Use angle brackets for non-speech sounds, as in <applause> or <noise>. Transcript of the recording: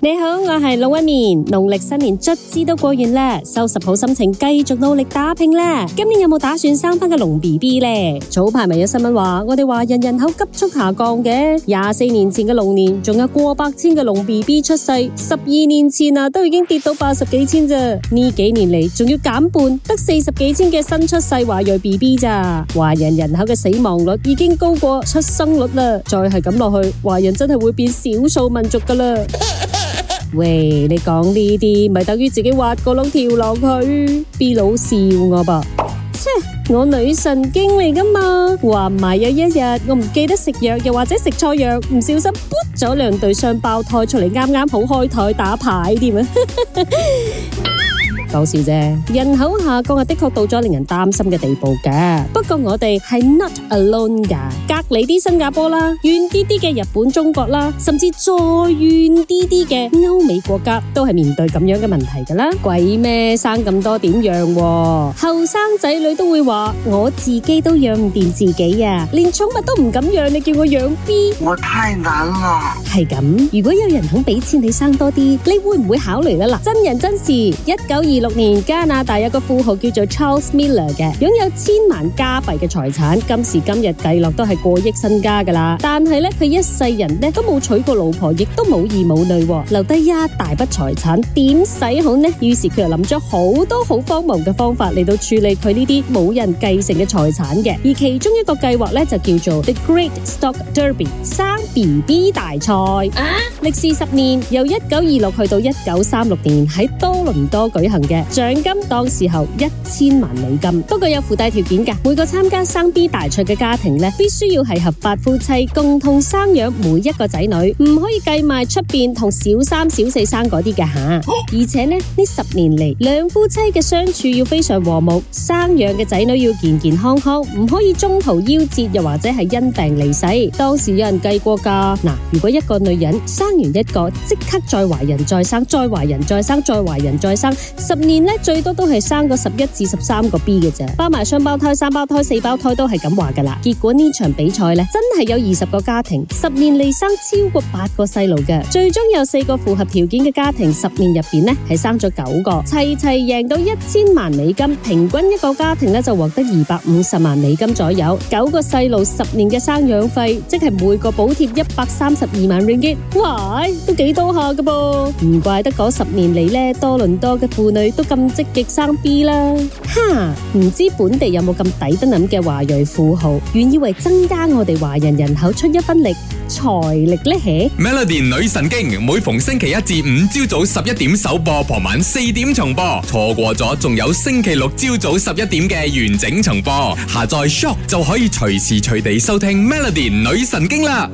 你好，我係龍紋敏。農曆新年卒之都過完啦，收拾好心情，繼續努力打拼啦。今年有冇打算生返個龍 B B 呢？早排咪有新聞話，我哋華人人口急速下降嘅。廿四年前嘅龍年仲有過百千嘅龍 B B 出世，十二年前啊都已經跌到八十幾千咋。呢幾年嚟仲要減半，得四十幾千嘅新出世華裔 B B 咋？華人人口嘅死亡率已經高過出生率啦。再係咁落去，華人真係會變少數民族噶啦。 <laughs> 喂，你講呢啲咪等於自己挖個窿跳落去？B 佬笑我噃，切，我女神經嚟噶嘛？話唔埋有一日我唔記得食藥，又或者食錯藥，唔小心撥咗兩對雙胞胎出嚟，啱啱好開台打牌添啊！ <laughs> 搞笑啫，人口下降啊，的確到咗令人擔心嘅地步嘅。不過我哋係 not alone，噶，隔離啲新加坡啦，遠啲啲嘅日本、中國啦，甚至再遠啲啲嘅歐美國家都係面對咁樣嘅問題噶啦。鬼咩生咁多點樣？後生仔女都會話，我自己都養唔掂自己啊，連寵物都唔敢養，你叫我養 B？我太冷啦。係咁，如果有人肯俾錢你生多啲，你會唔會考慮呢？嗱，真人真事，一九二六年，加拿大有個富豪叫做 Charles Miller 嘅，擁有千萬加幣嘅財產，今時今日計落都係過億身家噶啦。但係咧，佢一世人咧都冇娶過老婆，亦都冇兒冇女，留低一大筆財產，點使好呢？於是佢又諗咗好多好荒謬嘅方法嚟，到處理佢呢啲冇人繼承嘅財產嘅。而其中一個計劃咧就叫做 The Great Stock Derby，生 B B 大賽，歷時十年，由一九二六去到一九三六年，喺多、多舉行嘅獎金，當時候一千萬美金，不過有附帶條件噶。每個參加生 B 大賽嘅家庭呢，必須要係合法夫妻共同生養每一個仔女，唔可以計埋出邊同小三、小四生嗰啲嘅吓。嗯、而且呢呢十年嚟，兩夫妻嘅相處要非常和睦，生養嘅仔女要健健康康，唔可以中途夭折，又或者係因病離世。當時有人計過噶，嗱，如果一個女人生完一個，即刻再懷孕、再生，再懷孕、再生，再懷孕。再生十年咧，最多都係生個十一至十三個 B 嘅啫，包埋雙胞胎、三胞胎、四胞胎都係咁話噶啦。結果呢場比賽咧，真係有二十個家庭十年嚟生超過八個細路嘅，最終有四個符合條件嘅家庭十年入邊咧係生咗九個，齊齊贏到一千萬美金，平均一個家庭咧就獲得二百五十萬美金左右。九個細路十年嘅生養費，即係每個補貼一百三十二萬美金，哇，都幾多下噶噃，唔怪得嗰十年嚟咧多輪唔多嘅婦女都咁積極生 B 啦，哈！唔知本地有冇咁抵得諗嘅華裔富豪，願意為增加我哋華人人口出一分力財力呢？喎，Melody 女神經每逢星期一至五朝早十一點首播，傍晚四點重播，錯過咗仲有星期六朝早十一點嘅完整重播。下載 Shop 就可以隨時隨地收聽 Melody 女神經啦。